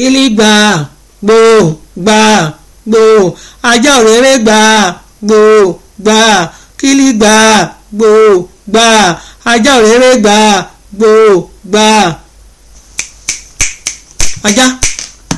kílí gbà gbò gbà gbò ajá òréré gbà gbò gbà kílí gbà gbò gbà ajá òréré gbà gbò gbà ajá.